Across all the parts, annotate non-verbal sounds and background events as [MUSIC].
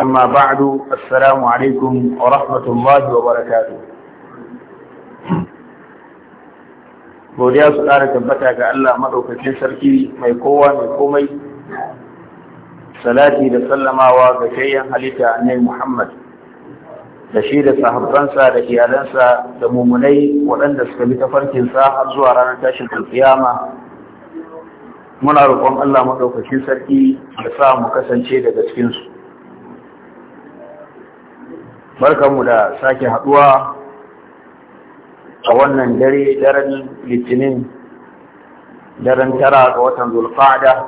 أما بعد السلام عليكم ورحمة الله وبركاته godiya su ƙara tabbata ga Allah maɗaukakin sarki mai kowa mai komai salati da sallamawa ga shayyan halitta annai Muhammad da shi da sahabbansa da iyalansa da mumunai waɗanda suka bi tafarkinsa har zuwa ranar tashin alkiyama muna roƙon Allah maɗaukakin sarki da sa mu kasance daga cikinsu barkanmu da sake haduwa a wannan dare daren litinin daren tara ga watan zulfada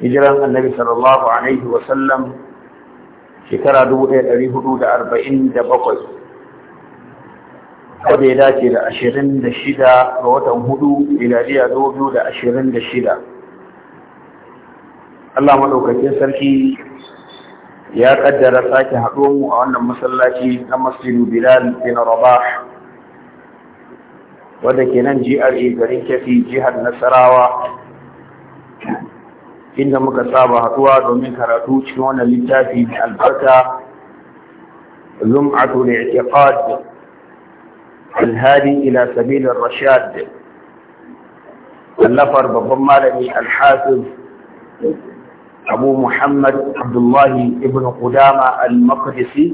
hijiran annabi sallallahu alaihi wa sallam shekara 1447 wanda ya dace da 26 ga watan hudu miladiya 2026 Allah maɗaukakin sarki ya kaddara sake haɗo mu a wannan masallaci na masjidu bilal bin rabah wadda ke nan GRA garin kefi jihar nasarawa inda muka saba haɗuwa domin karatu cikin wannan littafi mai albarka zum'atu da alhadi ila sabil rashad allafar babban malami alhafiz أبو محمد عبد الله ابن قدامة المقدسي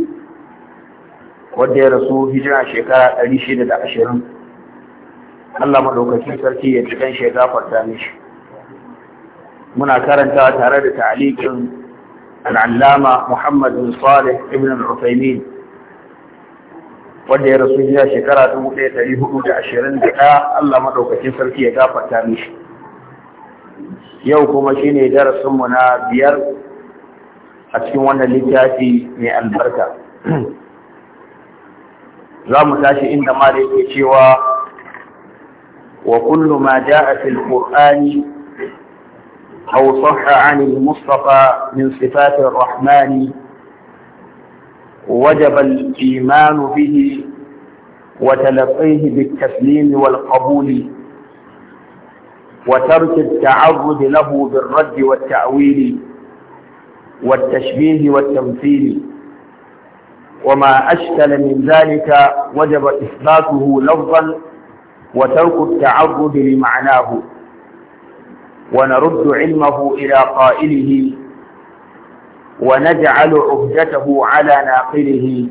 wadda ya rasu hijira shekara ɗari shida da ashirin Allah maɗaukakin sarki ya cikin shekafar ta mishi muna karanta tare da ta'alikin al'allama Muhammad bin Salih ibn al-Uthaymin wadda ya rasu hijira shekara dubu ɗaya ɗari hudu da ashirin da ɗaya Allah maɗaukakin sarki ya gafarta mishi yau kuma shine darasin mu na biyar a cikin wannan littafi mai albarka za mu tashi inda ma da yake cewa wa kullu ma ja'a fil qur'ani aw sahha 'an al-mustafa min sifati ar-rahman wajaba al-iman bihi wa talaqqihi bit-taslim wal-qabul وترك التعرض له بالرد والتأويل والتشبيه والتمثيل وما أشكل من ذلك وجب إثباته لفظا وترك التعرض لمعناه ونرد علمه إلى قائله ونجعل عهدته على ناقله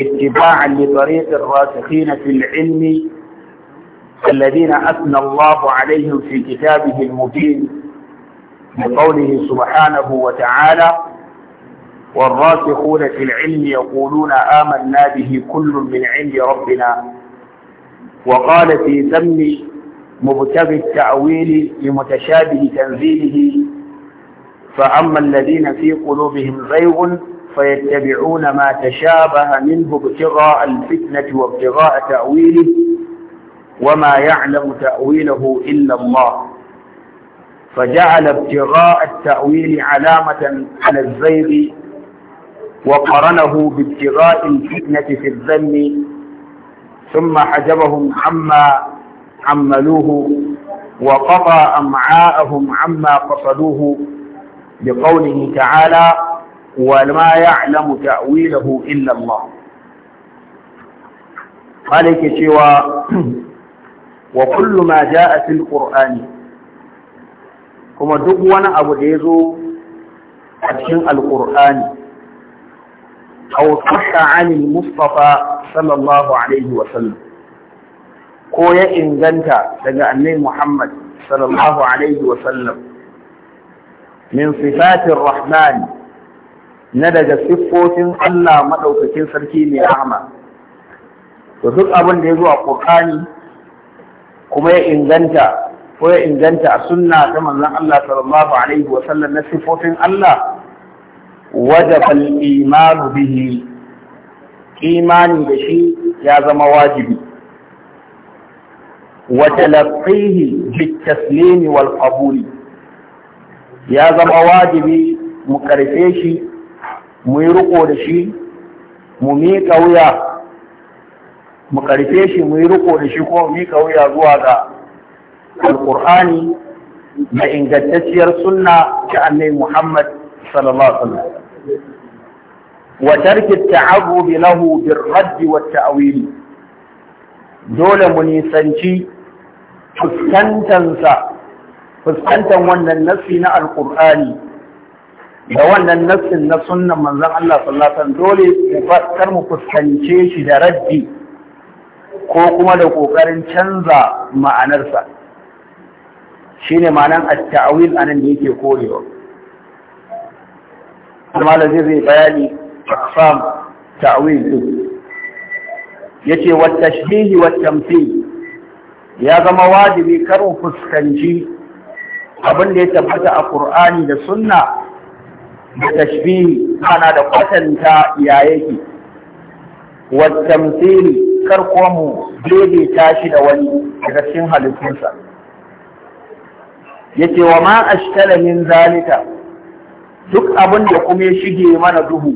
اتباعا لطريق الراسخين في العلم الذين أثنى الله عليهم في كتابه المبين بقوله سبحانه وتعالى والراسخون في العلم يقولون آمنا به كل من عند ربنا وقال في ذم مبتغي التأويل لمتشابه تنزيله فأما الذين في قلوبهم زيغ فيتبعون ما تشابه منه ابتغاء الفتنة وابتغاء تأويله وما يعلم تأويله إلا الله فجعل ابتغاء التأويل علامة على الزيغ وقرنه بابتغاء الفتنة في الذم ثم حجبهم عما عملوه وقطع أمعاءهم عما قصدوه بقوله تعالى وما يعلم تأويله إلا الله قال كشوى wa kullu ma ja'a fil qur'ani kuma duk wani abu da yazo a cikin alqur'ani aw sahha 'an mustafa sallallahu alaihi wa sallam ko ya inganta daga annabi Muhammad sallallahu alaihi wa sallam min sifatir rahman na daga siffofin Allah madaukakin sarki mai rahama to duk abin da ya zo a Qur'ani kuma ya inganta ko ya inganta a sunna ta manzon Allah sallallahu alaihi wa sallam na sifofin Allah wajaba al-imanu bihi imani da shi ya zama wajibi wa talaqqihi bit-taslimi wal-qabuli ya zama wajibi mu karfe shi mu yi riko da shi mu miƙa wuya mu karfe shi mu yi riko da shi ko mu kauya zuwa ga alqur'ani da ingantacciyar sunna ta annabi Muhammad sallallahu alaihi wa tarki ta'abbud lahu bir radd wa ta'wil dole mu nisanci fuskantansa fuskantan wannan nasi na alqur'ani da wannan nassin na sunnan manzon Allah sallallahu alaihi wasallam dole mu fassar mu fuskance shi da raddi ko kuma da ƙoƙarin canza ma'anarsa shi ne ma'anan a ta'awil anan da yake korewa malam zai zai bayani aksam ta'awil din yace wa tashbihi wa tamthil ya zama wajibi karin fuskanci abin da ya tabbata a Qur'ani da Sunna da tashbihi ana da kwatanta ya yake wa kar kuma mu daidaita shi da wani daga cikin halittunsa Yake wa ma a min zalika duk abin da kuma ya shige mana duhu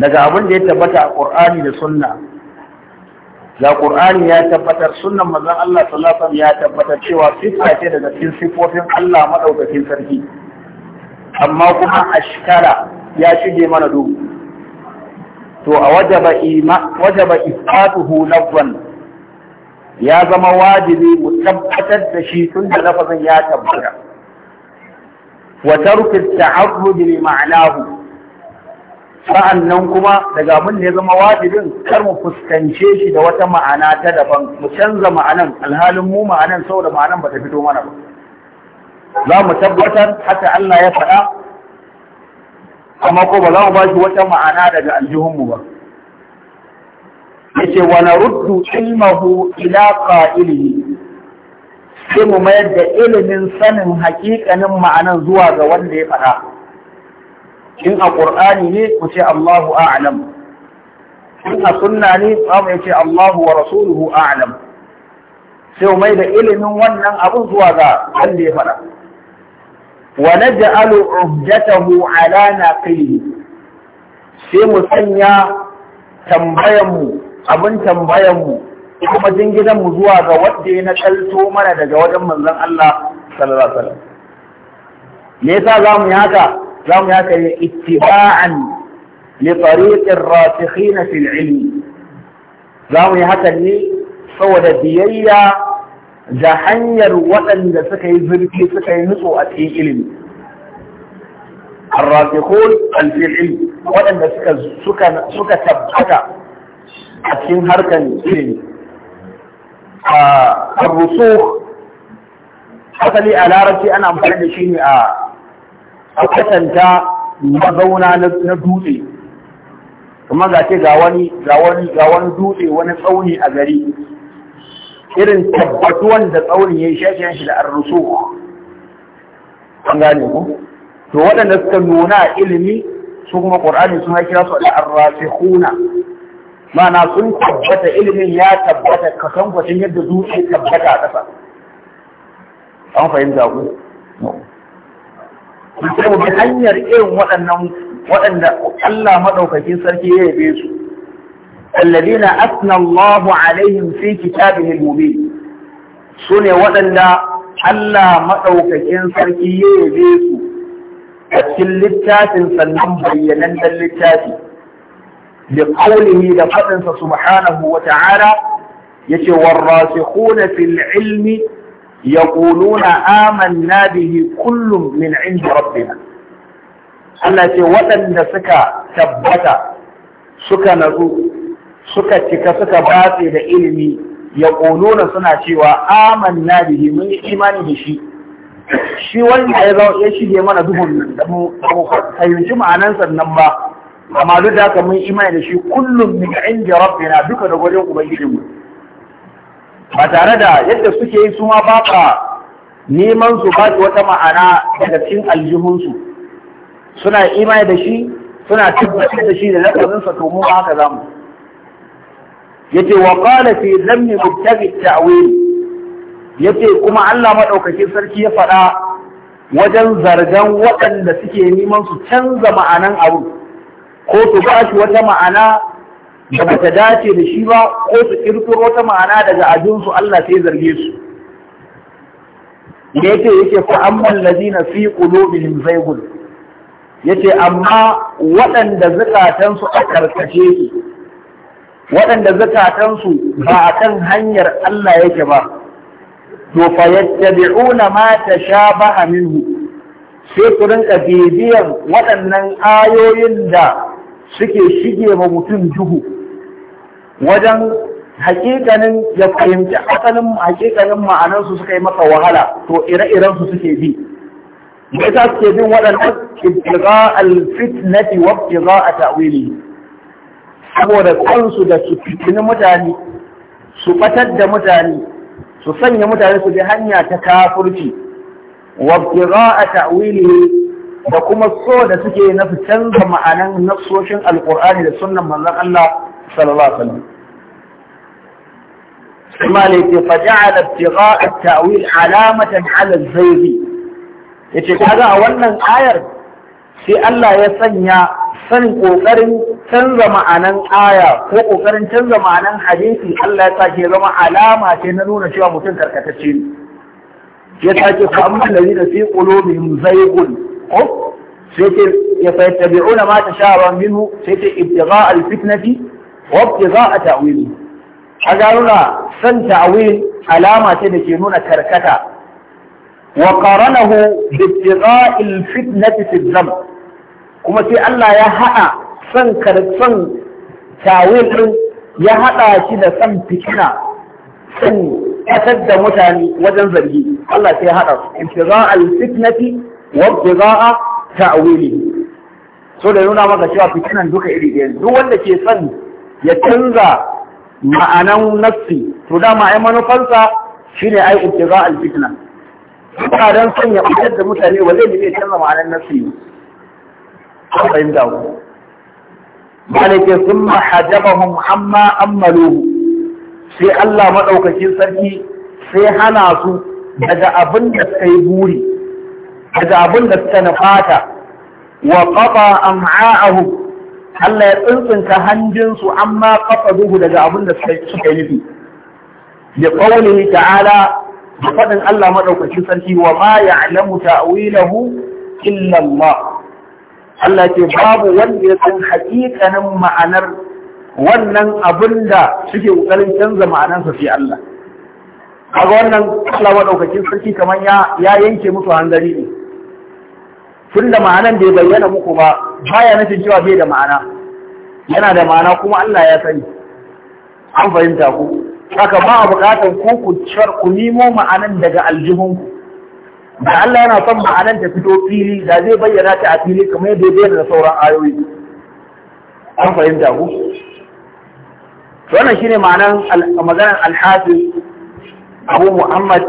daga abin da ya tabbata a Kur'ani da Sunna ga Qur'ani ya tabbatar sunnan mazan Allah sallallahu ya tabbatar cewa sifa ce daga cikin sifofin Allah maɗaukacin sarki amma kuma a ashkara ya shige mana duhu to a wajaba isatuhu lafzan ya zama wajibi mu tabbatar da shi tun da lafazin ya tabbata wa tarku ta'arrud li ma'nahu sa'annan kuma daga abin da ya zama wajibin kar mu fuskance shi da wata ma'ana ta daban mu canza ma'anan alhalin mu ma'anan saboda ma'anan bata fito mana ba za mu tabbatar haka Allah ya faɗa amma ko ba za mu ba shi wata ma'ana daga aljihunmu ba yace wa ruddu ilmahu ila qa'ilihi sai mu mayar da ilimin sanin hakikanin ma'anan zuwa ga wanda ya faɗa in a qur'ani ne ku ce Allahu a'lam in a sunna ne za mu ce Allahu wa rasuluhu a'lam sai mu mai da ilimin wannan abun zuwa ga wanda ya faɗa wa naj'alu ujjatahu ala naqili sai mu sanya tambayanmu abin tambayanmu kuma mu zuwa ga wanda ya nakalto mana daga wajen manzon Allah sallallahu alaihi wasallam me yasa zamu yi haka zamu yi haka ittiba'an li tariqir rasikhin fil ilmi zamu yi haka ne saboda biyayya da hanyar waɗanda suka yi zurfi suka yi nutso a cikin ilimi al alfil waɗanda suka tabbata a cikin harkar ilimi a rusu asali a larabci ana amfani da shi ne a kwatanta mazauna na dutse kuma ga ce ga wani dutse wani tsauni a gari irin tabbatuwan da tsaunin ya yi shafiyan shi da arrusu an gane ku to waɗanda suka nuna ilimi su kuma ƙur'ani sun haƙi su da huna. ma'ana sun tabbata ilimin ya tabbata ka san kwacin yadda zuci tabbata a ƙasa an fahimta ku sai mu bi hanyar irin waɗannan waɗanda Allah maɗaukakin sarki ya yabe su الذين أثنى الله عليهم في كتابه المبين سنة لا ألا مأوك إن كي يجيسو أتكل لبتات فلنم بينا للتات لقوله لفتنس سبحانه وتعالى يتي والراسخون في العلم يقولون آمنا به كل من عند ربنا التي ودن سكا تبتا سكا نزوه suka cika suka batse da ilimi ya ƙonona suna cewa amanna bihi mun yi imani da shi shi wanda ya ya shige mana duhun da mu fahimci ma'anan sannan ba amma duk da haka mun imani da shi kullum min inda rabbina duka da gurin ubangijinmu ba tare da yadda suke yi su ma ba ka neman su ba wata ma'ana daga cikin aljihunsu suna imani da shi suna tabbatar da shi da lafazinsa to mu haka zamu yace wa qala fi dhammi mubtaghi ta'wil yace kuma Allah madaukakin sarki ya faɗa wajen zargan waɗanda suke neman su canza ma'anan abu ko su ba shi wata ma'ana da bata dace da shi ba ko su kirkiro wata ma'ana daga ajinsu Allah sai zarge su da yake yake fa amman ladina fi qulubihim zaygun yace amma waɗanda zukatansu a karkace su waɗanda zakatansu ba a kan hanyar Allah yake ba, to fa yattabi'una ma tashabaha minhu sai ku rinka bibiyar waɗannan ayoyin da suke shige ma mutum juhu. wajen hakikanin ya fahimci asalin hakikanin ma'anansu suka yi masa wahala to ire-iren su suke bi me yasa suke bin waɗannan ibtiga al-fitnati wa ibtiga ta'wili saboda kansu da su fitini mutane su batar da mutane su sanya mutane su bi hanya ta kafurci wa a ta'wili da kuma so da suke na su canza ma'anan nassoshin alqur'ani da sunnan manzon Allah sallallahu alaihi wasallam مالك فجعل ابتغاء التأويل علامة على الزيغ yace kaga a wannan ayar sai Allah ya sanya sanin ƙoƙarin canza ma'anan aya ko ƙoƙarin canza ma'anan hadisi Allah ya sake zama alama ce na nuna cewa mutum karkatacce ne ya sake fa amma allazi da fi qulubihim zaygun ko sai ce ya fayattabi'una ma tashaba minhu sai ce ibtigha al-fitnati wa ibtigha ta'wili kaga nuna san ta'wil alama ce da ke nuna karkata wa qaranahu bi ibtigha al-fitnati fi dhanb kuma sai Allah ya haɗa son karfin tawil ɗin ya haɗa shi da son fitina son ƙasar da mutane wajen zargi Allah sai ya haɗa su ibtiza al-fitnati wa ibtiza ta'wili so da nuna maka cewa fitinan duka iri ɗaya duk wanda ke son ya canza ma'anan nassi to dama ai manufansa shine ai ibtiza al-fitna ba dan son ya fitar da mutane ba zai ne canza ma'anan nassi an fahimta ku malike sun amma ammalu sai Allah maɗaukakin sarki sai hana su daga abin da suka yi buri daga abin da suka nufata wa qata am'a'ahum Allah ya tsintsinka hanjinsu amma kafa duhu daga abin da suka yi da qawlihi ta'ala da faɗin Allah maɗaukacin sarki wa ma ya'lamu ta'wilahu illallah Allah ce babu wanda ya san haƙiƙanin ma'anar wannan abin da suke ƙoƙarin canza ma'anarsa sai Allah. Kaga wannan Allah maɗaukakin sarki kamar ya yanke musu hanzari ne. Tun da ma'anar bai bayyana muku ba, baya nufin cewa bai da ma'ana. Yana da ma'ana kuma Allah ya sani. An fahimta ku. Haka ba a buƙatar ku ku nemo ma'anar daga aljihunku. da Allah yana son ma'anan ta fito fili da zai bayyana ta a fili kamar yadda ya bayyana da sauran ayoyi an fahimta ku wannan shine ma'anar maganar alhafi abu muhammad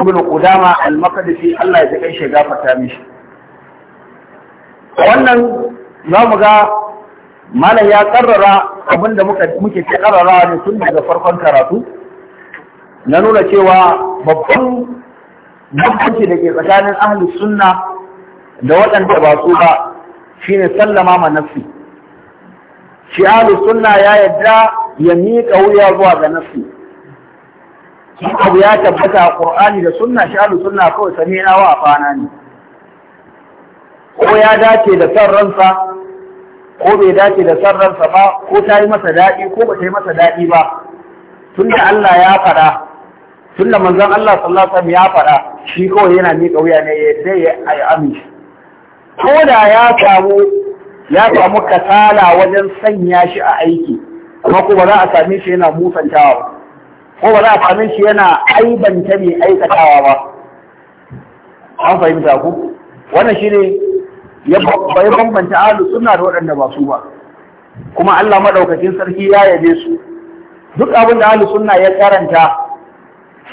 ibn qudama al-maqdisi Allah ya kai shi gafarta mishi wannan za mu ga malam ya karrara abin da muke karrara ne tun daga farkon karatu na nuna cewa babban bambanci da ke tsakanin ahlus sunna da waɗanda ba su ba shine sallama ma nafsi shi sunna ya yadda ya miƙa wuya zuwa ga nafsi abu ya tabbata a Qur'ani da sunna shi sunna kawai na wa fana ne ko ya dace da san ransa ko bai dace da san ransa ba ko ta yi masa daɗi ko ba ta yi masa daɗi ba tunda Allah ya fara. tun da manzon Allah sallallahu alaihi ya faɗa shi kawai yana miƙa wuya ne ya dai ya amince ko da ya samu ya samu kasala wajen sanya shi a aiki amma ko ba za a same shi yana musantawa ba ko ba za a same shi yana aibanta mai aikatawa ba an fahimta ku wannan shine ya bambanta ahlu sunna da waɗanda ba su ba kuma Allah madaukakin sarki ya yabe su duk abin da ahlu sunna ya karanta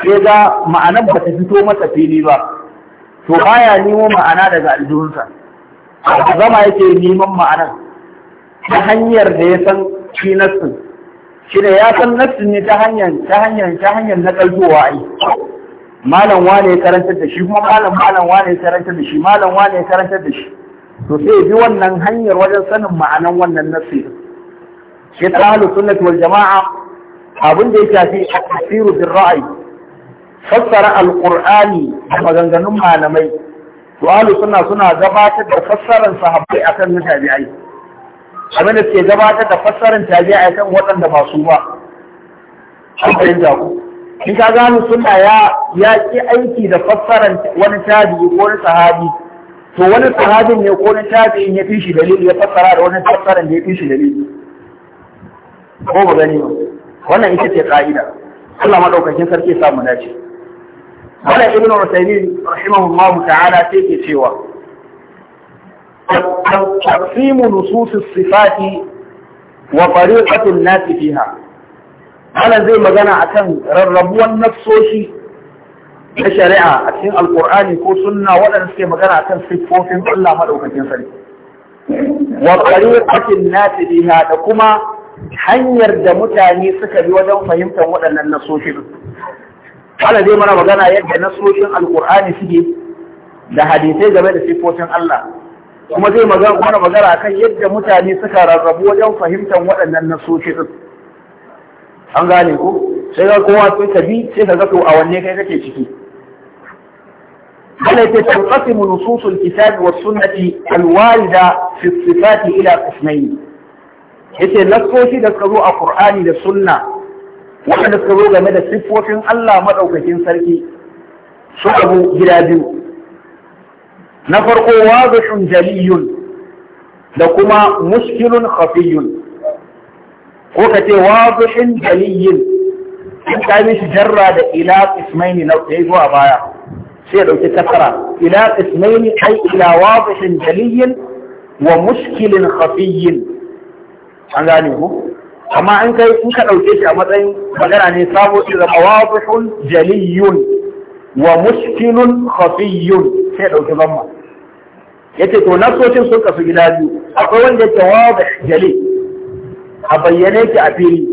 sai ga ma'anar ba ta fito masa fili ba to baya nemo ma'ana daga aljihunsa zama yake neman ma'anar ta hanyar da ya san shi nassin shi da ya san nassin ne ta hanyar ta hanyar ta hanyar na kalzowa ai malam wane ya karantar da shi kuma malam malam wane ya karantar da shi malam wane ya karantar da shi to sai bi wannan hanyar wajen sanin ma'anar wannan nassi shi ta halittun na wal jama'a abin da ya shafi a tafsir bin ra'ayi. fassara alqur'ani da maganganun malamai to alu suna suna gabatar da fassarar sahabbai akan na tabi'ai kamar da ke gabatar da fassarar tabi'ai kan waɗanda ba su ba an da ku in ka gano sunna ya ya ki aiki da fassarar wani tabi'i ko wani sahabi to wani sahabin ne ko wani tabi'in ya fi shi dalili ya fassara da wani fassarar da ya fi shi dalili ko ba gani ba wannan ita ce ka'ida Allah madaukakin sarki ya samu dace Wala Ibn Usaimin rahimahullahu ta'ala sai ke cewa taqsimu nusus sifati wa tariqatu an-nas fiha. Ana zai magana akan rarrabuwan nafsoshi na shari'a a cikin alkur'ani ko sunna waɗanda suke magana akan siffofin Allah madaukakin sarki wa tariqatin nati biha da kuma hanyar da mutane suka bi wajen fahimtar waɗannan nasoshi Wala zai mana magana yadda nasoshin alƙur'ani suke da hadisai game da sifofin Allah. Kuma zai mana magana kan yadda mutane suka rarrabu wajen fahimtar waɗannan nasoshi din. An gane ko? Sai ga kowa sai ka bi sai ka ga to a wanne kai kake ciki. Wala ta tanqasimu nususul kitabi was sunnati alwarida fi sifati ila qismayn. Yace nasoshi da suka zo a Qur'ani da sunna waɗanda suka zo game da siffofin Allah maɗaukakin sarki su abu gida biyu na farko wazashun jaliyun da kuma muskilun hafiyun. ko ka ce wazashun jaliyin in ka mishi jarra da ila ismaini na ya zuwa baya sai ya ɗauki kasara ila ismaini ai ila wazashun jaliyin wa muskilin khafiyin an gane ku amma in kai in ka ɗauke shi a matsayin magana ne sabo shi zama wadihun jaliyun wa muskilun khafiyun sai zama. zamma yace to nasocin sun kasu gida biyu akwai wanda yake wadih jali a bayyane ki a fili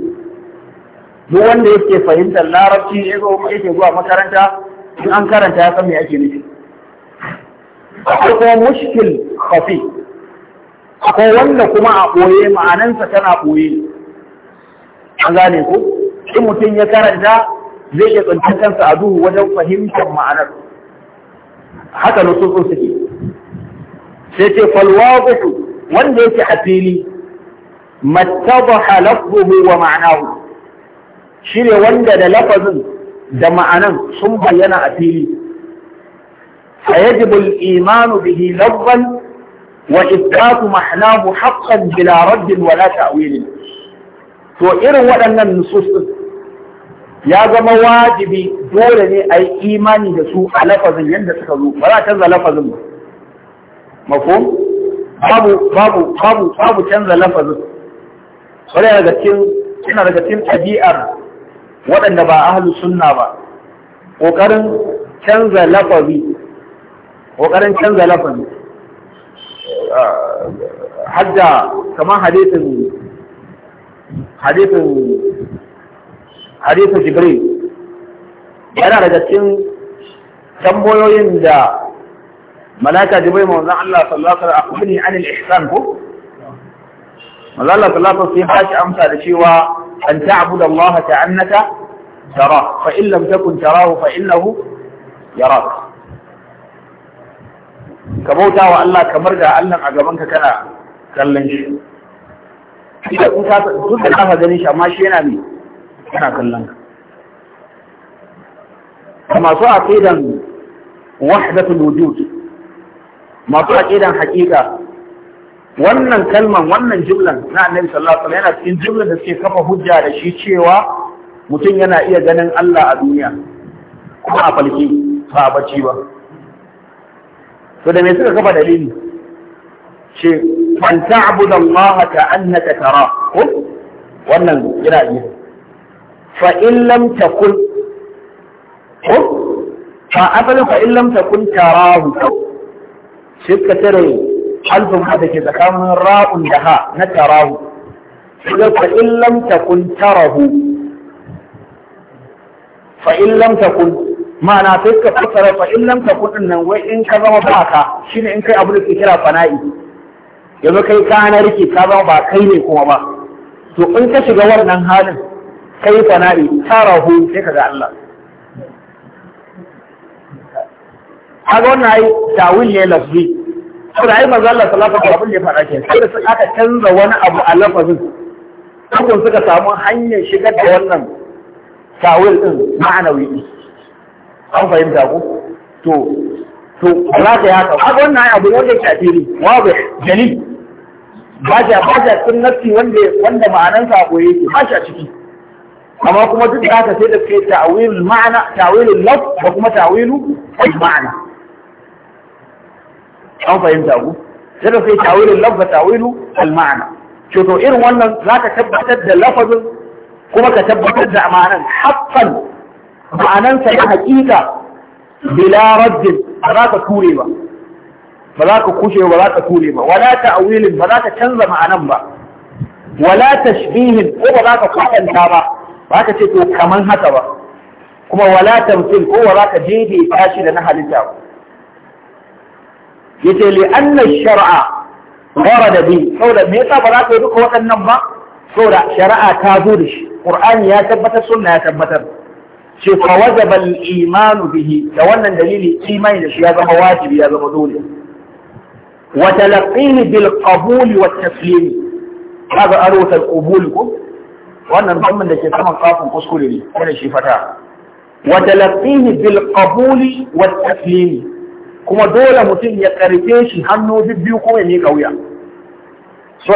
duk wanda yake fahimtar larabci ne ko yake zuwa makaranta in an karanta ya san me ake nufi akwai kuma muskil khafi akwai wanda kuma a ɓoye ma'anansa tana ɓoye an gane in mutum ya karanta zai iya tsantar kansa a duhu wajen fahimtar ma'anar haka nutsutsun suke sai ce falwaqutu wanda yake a fili mattabaha lafzuhu wa ma'anahu shine wanda da lafazin da ma'anan sun bayyana a fili فيجب الإيمان به لفظا وإثبات معناه bila بلا رد ولا تأويل to irin waɗannan nususun ya zama wajibi dole ne a yi imani da su a lafazin yadda suka zo ba za a canza lafazin ba mafhum babu babu babu babu canza lafazin sai daga cikin kina daga cikin tabi'ar waɗanda ba ahlus sunna ba kokarin canza lafazi kokarin canza lafazi ah, hadda kamar hadisin hadisin hadisin jibril yana daga cikin tambayoyin da malaka jibril manzon Allah sallallahu alaihi wasallam akhbirni anil ihsan ko manzon Allah sallallahu alaihi wasallam sai amsa da cewa an ta'budu Allah ka'annaka tara fa in lam takun tarahu fa innahu yarak ka bauta wa Allah kamar da Allah a gabanka kana kallon shi da in ka duk da ka gani shi amma shi yana ne yana kallon ka masu aqidan wahdatul wujud masu aqidan haqiqa wannan kalman wannan jumlan na annabi sallallahu alaihi wasallam yana cikin jumlan da suke kafa hujja da shi cewa mutum yana iya ganin Allah a duniya kuma a falki ba a bacci ba to da me suka kafa dalili ce an ta'budu Allah ka annaka tara ko wannan yana yi fa in lam takun ko fa abalu fa in takun tarahu shi ka tare alfin da ke tsakanin ra'un da ha na tarahu shi fa in lam takun tarahu fa in takun ma'ana sai ka fassara fa in lam takun nan wai in ka zama ba ka shine in kai abu da ke kira fana'i yanzu kai ka na rike ka zama ba kai ne kuma ba to in ka shiga wannan halin kai fana'i tarahu sai ka ga Allah haka wannan ai tawil ne lafzi saboda ai manzo Allah sallallahu alaihi wasallam ya fara ke sai sun aka canza wani abu a lafazin kun suka samu hanyar shigar da wannan tawil din ma'anawi an fahimta ku to to Allah ya ka haka wannan ai abu ne wanda ke a fili wabi jalil ba shi ba shi wanda wanda a sa ko yake ba shi ciki amma kuma duk da haka sai da ke tawilin ma'ana ta'wilul lafz da kuma ta'wilu ma'ana an fahimta ku sai da sai tawilin laf da ta'wilu al-ma'ana to to irin wannan zaka tabbatar da lafazin kuma ka tabbatar da ma'anan haqqan ma'anansa sa na haƙiƙa bila raddin ba za ka ture ba ba za ka kushe ba za ka ture ba wala ta'wilin ba za ka canza ma'anan ba wala tashbihin ko ba za ka kwatanta ba ba ka ce to kamar haka ba kuma wala mutum ko ba za ka daidaita shi da na halitta ba yace li anna shar'a warada bi saboda me yasa ba za ka yi duka waɗannan ba saboda shari'a ta zo da shi ƙur'ani ya tabbatar sunna ya tabbatar ce fa wajaba al-iman bihi da wannan dalili imani da shi ya zama wajibi ya zama dole wa talaqini bil qabuli wa taslimi kaga arwata al qabul ko wannan zamman da ke saman kafin kuskure ne kada shi fata wa talaqini bil qabuli wa taslimi kuma dole mutum ya karfe shi hannu biyu ko ya mika wuya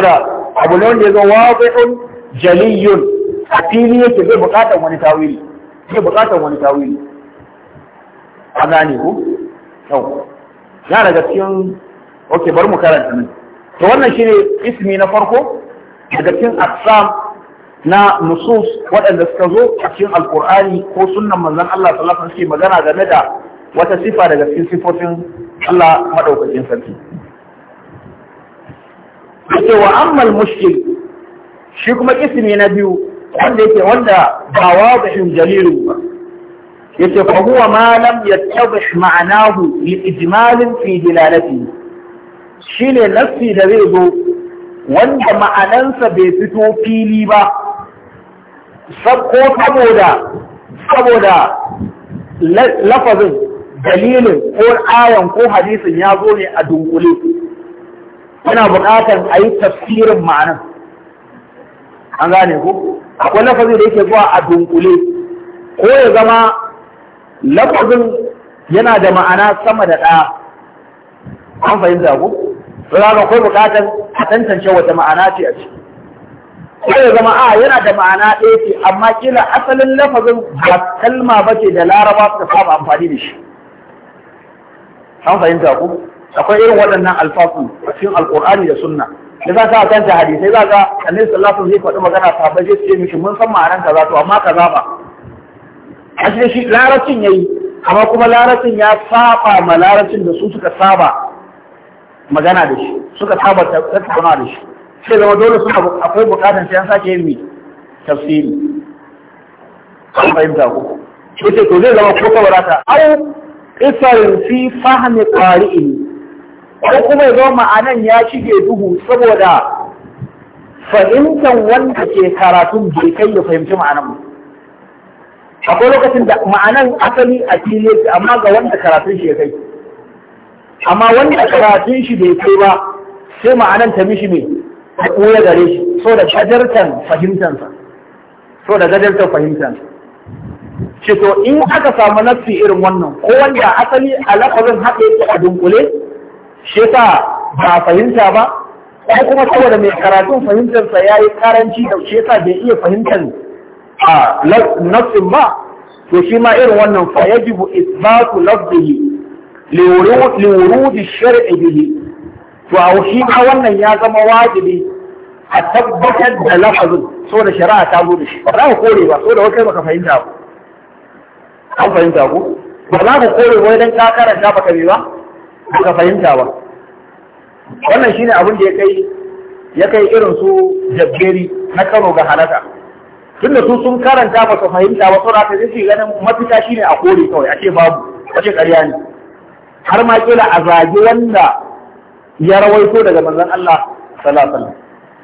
da abu ne wanda ya zo wadihun jaliyun a fili yake zai buƙatar wani tawili zai bukatar wani tawili a gane ko. yau ya daga cikin ok bari mu karanta nan to wannan shine ismi na farko daga cikin aqsam na nusus waɗanda suka zo a cikin alqur'ani ko sunnan manzon Allah sallallahu alaihi wasallam magana game da wata sifa daga cikin sifofin Allah madaukakin sarki yace wa ammal mushkil shi kuma ismi na biyu wanda yake wanda ba wadahin jalilu ba yake fa huwa ma lam yattabish ma'anahu li ijmalin fi dilalatihi shi ne nassi da zai zo wanda ma'anansa bai fito fili ba ko saboda saboda lafazin dalilin ko ayan ko hadisin ya zo ne a dunkule yana buƙatar a yi tafsirin ma'anan an gane ku akwai lafazin da yake zuwa a dunkule ko ya zama lafazin yana da ma'ana sama da ɗaya an fahimta ku Zama akwai bukatar a tantance wata ma'ana ce a ciki. Sai zama a ah, yana da ma'ana ɗaya ce, amma kila asalin lafazin ba kalma ba ce da laraba suka saba amfani da shi. An fahimta ku? Akwai irin waɗannan alfafu a cikin Alƙur'ani da Sunna. Da za ka kanta hadisai za ka annabi sallallahu alaihi wasallam zai faɗi magana sahabbai zai ce mishi mun san ma'anar kaza to amma kaza ba. Ashe shi larabcin yayi amma kuma larabcin ya saba ma larabcin da su suka saba magana da shi suka saba tattauna da shi sai zama dole suna akwai bukatan sai an sake yin mi tafsiri an fahimta ko ce to zai zama ko saboda ta au isarin fi fahmi qari'in ko kuma ya zama ma'anan ya shige duhu saboda fahimtar wanda ke karatun bai kai ya fahimci ma'anan akwai lokacin da ma'anan asali a fili amma ga wanda karatun shi ya kai amma wani a karatun shi bai kai ba sai ma'anan ta mishi mai a ɓoye gare shi so da gajartan fahimtansa so da gajartan fahimtansa ce to in aka samu nafsi irin wannan ko wanda asali a lafazin haɗe ta a dunkule shi sa ba fahimta ba ko kuma saboda mai karatun fahimtarsa ya yi karanci da shi sa bai iya fahimtar a nafin ba to shi ma irin wannan fa yajibu isbatu lafzihi لورود الشرع به to a shi ya zama wajibi a tabbatar da lafazin so da shari'a ta zo da shi ba za ka kore ba so da wata baka fahimta ba za kore ka karanta wannan shine abin da ya kai irin su jabberi na Kano ga halaka tunda su sun karanta ba su fahimta ba saboda ta sai ganin mafita shine a kore kawai a ce babu a ce ƙarya ne har ma kila a zagi wanda ya rawaito daga manzon Allah sallallahu alaihi wasallam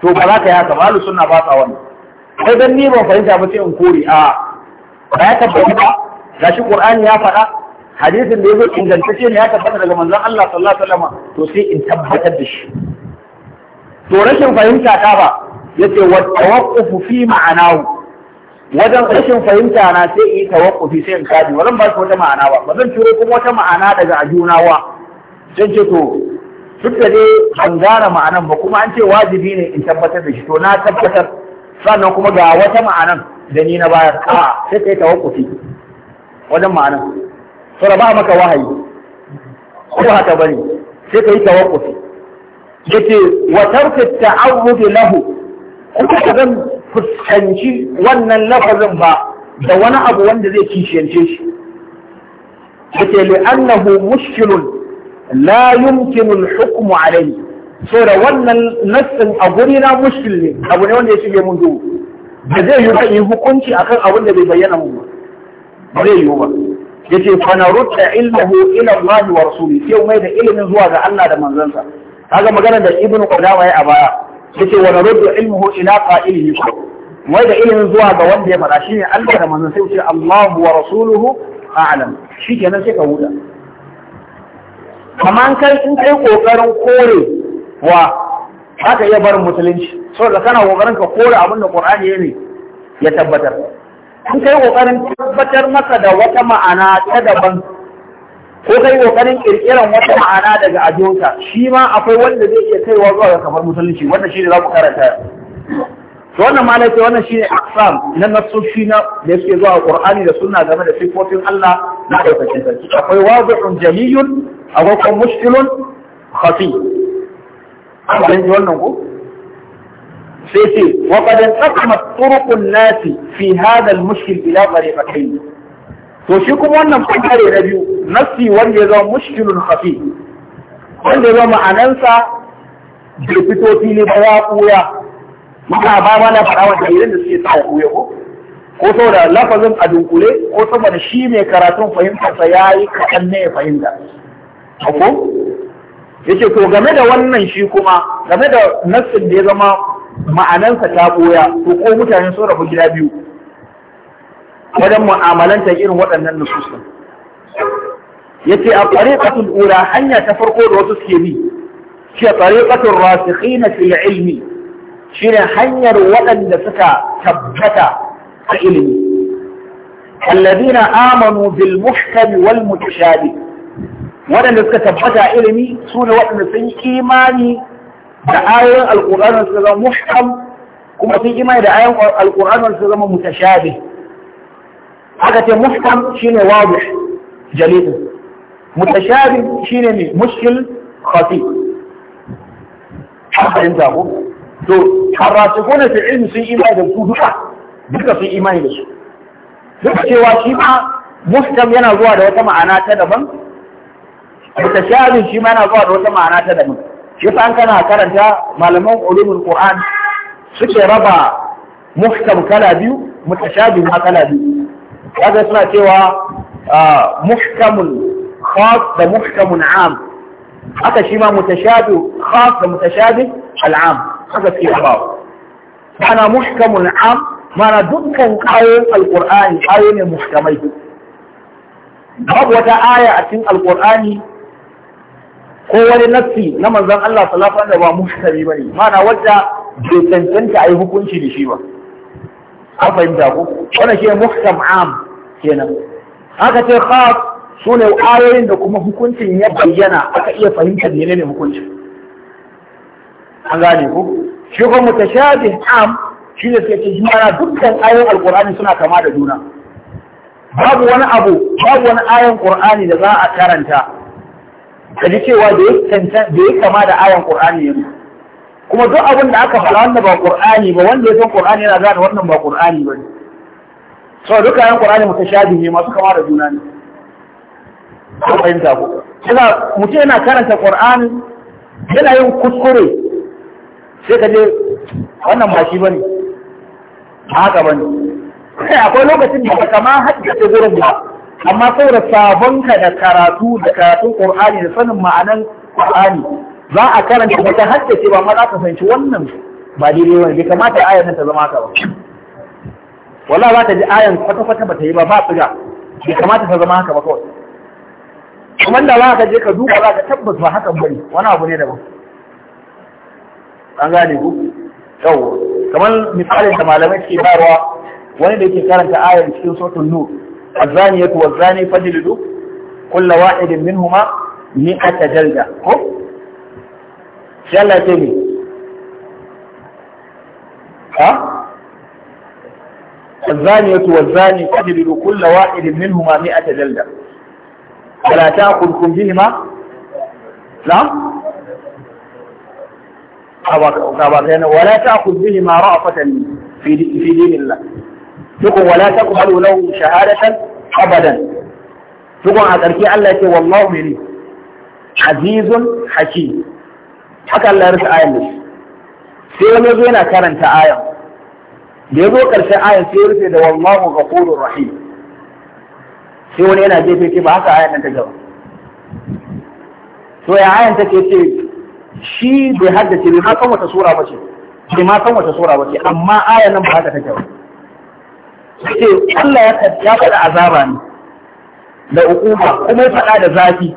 to ba za ka yi haka ba sunna ba sa wannan sai dan ni ban fahimta ba sai in kori. a ba ya tabbata ba gashi qur'ani ya faɗa hadisin da yazo ingantacce ne ya tabbata daga manzon Allah sallallahu alaihi wasallam to sai in tabbatar da shi to rashin fahimta ta ba yace wa tawaqqufu fi ma'anahu wajen rashin fahimta na sai yi tawakkufi sai in kaji ba zan ba wata ma'ana ba ba zan ciro kuma wata ma'ana daga ajunawa zan ce to duk da dai ban gane ma'anan ba kuma an ce wajibi ne in tabbatar da shi to na tabbatar sannan kuma ga wata ma'anan da ni na bayar a sai kai tawakkufi wajen ma'anan sura ba maka wahayi ko haka bane sai kai tawakkufi yake wa tarka ta'awudu lahu kuma ka zan fuskanci wannan lafazin ba da wani abu wanda zai kishiyance shi yake li'annahu mushkilun la yumkinu al-hukmu alayhi so da wannan nassin a guri na mushkil ne abu ne wanda ya shige mun duhu Ba zai yi hukunci akan abin da bai bayyana mun ba ba zai yi ba yace fa narutta ilmuhu ila Allah wa rasuli sai mai da ilimin zuwa ga Allah da manzansa kaga magana da ibnu qudama ya a baya yace wani naruddu ilmuhu ila qa'ilihi wai da ilimin zuwa ga wanda ya faɗa shine Allah da manzon sai ce Allahu wa rasuluhu a'lam shikenan sai ka huta amma kai in kai kokarin kore wa haka iya barin musulunci saboda kana kokarin ka kore abin da Qur'ani ne ya tabbatar in kai kokarin tabbatar maka da wata ma'ana ta daban ko kai kokarin kirkiran wata ma'ana daga ajiyota shi ma akwai wanda zai iya kaiwa zuwa ga kamar musulunci wanda shi ne za ku karanta to wannan ma lafiya wannan shi ne aqsam na nasoshi na da yake zuwa qur'ani da sunna game da sifofin Allah na daukacin sarki akwai wadihun jaliyun akwai kuma mushkilun khafi an ji wannan ko sai sai wa qad taqama turuqun nasi fi hadha al-mushkil ila tariqatayn to shi kuma wannan bangare na biyu nassi wanda ya zama mushkilun hafi wanda ya zama ma'anansa bai fito fili ba ya kura muna ba mana fara wa irin da suke sa ya kuya ko ko saboda lafazin a dunkule ko saboda shi mai karatun fahimtarsa ya yi kaɗan ne ya fahimta ko yace to game da wannan shi kuma game da nassin da ya zama ma'anansa ta koya, to ko mutane sun rabu gida biyu wajen mu'amalanta irin waɗannan nususun yace a tariqatul ula hanya ta farko da wasu suke bi shi tariqatul rasikhina fil ilmi shine hanyar waɗanda suka tabbata a ilimi alladhina amanu bil muhkam wal mutashabih waɗanda suka tabbata a ilimi sune waɗanda sun yi imani da ayoyin alqur'ani suka zama muhkam kuma sun imani da ayoyin alqur'ani suka zama mutashabih aka ce muhkam shine wadih jalil mutashabih shine ne mushkil khafi haka yin ko to arrasikuna fi ilmi sun imani da su duka duka sun imani da su duka cewa shi ma muhkam yana zuwa da wata ma'ana ta daban mutashabih shi ma yana zuwa da wata ma'ana ta daban shi fa an kana karanta malaman ulumul qur'an suke raba muhkam kala biyu mutashabih ma kala biyu kaga suna cewa ah, muhkamun khas da muhkamun am haka shi ma mutashabi khas da mutashabi al'am haka suke ba ana muhkamun am mana dukkan ayoyin Alƙur'ani ayoyi ne muhkamai babu wata aya a cikin Alƙur'ani ko wani nassi na manzon Allah sallallahu alaihi wasallam ba muhkami bane mana wadda bai cancanta ayi hukunci da shi ba an fahimta ku wannan shi ne muhkam am kenan haka ce khas sune ayoyin da kuma hukuncin ya bayyana aka iya fahimtar menene hukuncin an gane ku shi kuma mutashabih am shi ne suke ce jimara dukkan ayoyin alqur'ani suna kama da juna babu wani abu babu wani ayan qur'ani da za a karanta kaji cewa da ya kama da ayan qur'ani yanzu kuma duk abin da aka fara wannan ba qur'ani ba wanda ya san qur'ani yana gane wannan ba qur'ani ne so duka yan qur'ani mutashabi ne masu kama da juna ne ko fahimta ko kaga mutum yana karanta qur'ani yana yin kuskure sai ka je wannan ba shi bane haka bane sai akwai lokacin da kama ce gurin ba amma saboda sabonka da karatu da karatun qur'ani da sanin ma'anan qur'ani za a karanta mata ta ce ba ma za ka fahimci wannan ba daidai wani bai kamata ayar nan ta zama haka ba wala za ta ji ayar kwata-kwata ba ta yi ba ba tsiga bai kamata ta zama haka ba kawai kuma da za ka je ka duba za ka tabbas ba haka bane wani abu ne daban an gane ku yau kamar misalin da malamai ke bayarwa wani da yake karanta ayar cikin suratul nur azaniyatu wazani fajlidu kullu wahidin minhuma mi'ata jalda ko yalla ce ne ha الزانية والزاني فاجلدوا كل واحد منهما مئة جلدة ولا تأخذكم بهما نعم ولا تأخذ بهما رأفة في في دين الله تقول ولا تقبلوا له شهادة أبدا تقول على تركي الله والله مني عزيز حكيم haka Allah ya rufe ayan da shi sai wani zo yana karanta ayan da ya zo ƙarshen ayan sai ya rufe da wallahu ghafurur rahim sai wani yana jefe ce ba haka ayan nan ta gaba to ya ayan take ce shi bai haddace bai ma san wata sura ba ce bai ma san wata sura ba amma ayan nan ba haka take ba sai Allah ya ya faɗa azaba ne da uquba kuma ya faɗa da zafi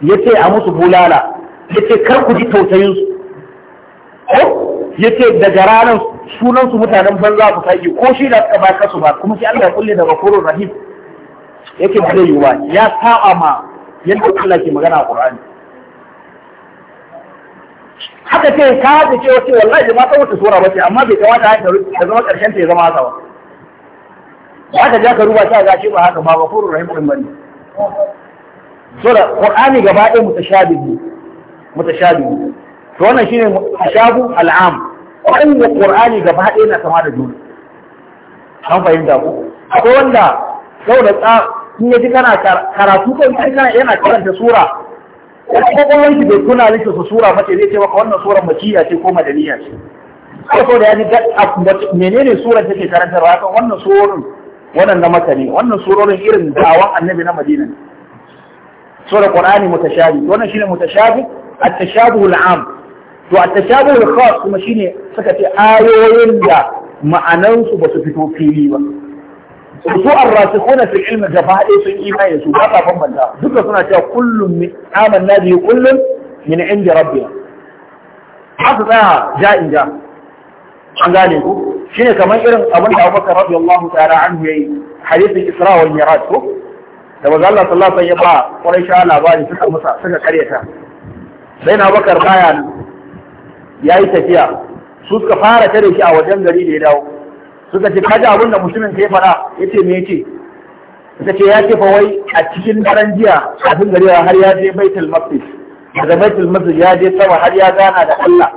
yace a musu bulala ya ce kar ku ji tausayinsu ko ya ce daga ranar sunansu mutanen banza ku sake ko shi da suka baka su ba kuma shi Allah ya kulle da bakurun rahim yake ba zai yiwuwa ya sa'a ma yadda Allah ke magana a Qur'ani haka ce ka da cewa ce wallahi ma ta wuce sura bace amma bai kamata ta zama karshen ta ya zama haka ba haka ja ka ruba ta ga shi ba haka ba bakurun rahim din bane so da Qur'ani gaba ɗaya mutashabihi mutashabihu to wannan shine mutashabu al'am wanda qur'ani gaba ɗaya na kama da juna an fahimta ko akwai wanda saboda tsa in yaji kana karatu ko yana karanta sura ko kokolon shi bai tuna lissa su sura mace zai ce maka wannan surar makiya ce ko madaniya ce ko da yaji menene surar take karantarwa kan wannan surorin wannan na maka ne wannan surorin irin dawon annabi na madina ne surar qur'ani mutashabi wannan shine mutashabi التشابه العام to a tashabul khas kuma shine suka ce ayoyin da ma'anansu ba su fito fili ba su ar-rasikhuna fil ilm gaba ɗaya sun imani su ba ta bambanta duka suna cewa kullum min amanna bi kullum min inda rabbina haka tsaya ja in ja an gane ku shine kamar irin abin da Abubakar radiyallahu ta'ala anhu yayi hadisin Isra wal Mi'raj ko da manzo Allah sallallahu alaihi wasallam ya ba Quraysh labari suka musa suka karyata sai na bakar baya ya yi tafiya su suka fara tare shi a wajen gari da ya dawo suka ce kaji abin da musulmin ka yi fara ya ce me ya ce suka ce ya ce fa wai a cikin daren jiya cikin gari har ya je baitul maqdis daga baitul maqdis ya je sama har ya gana da Allah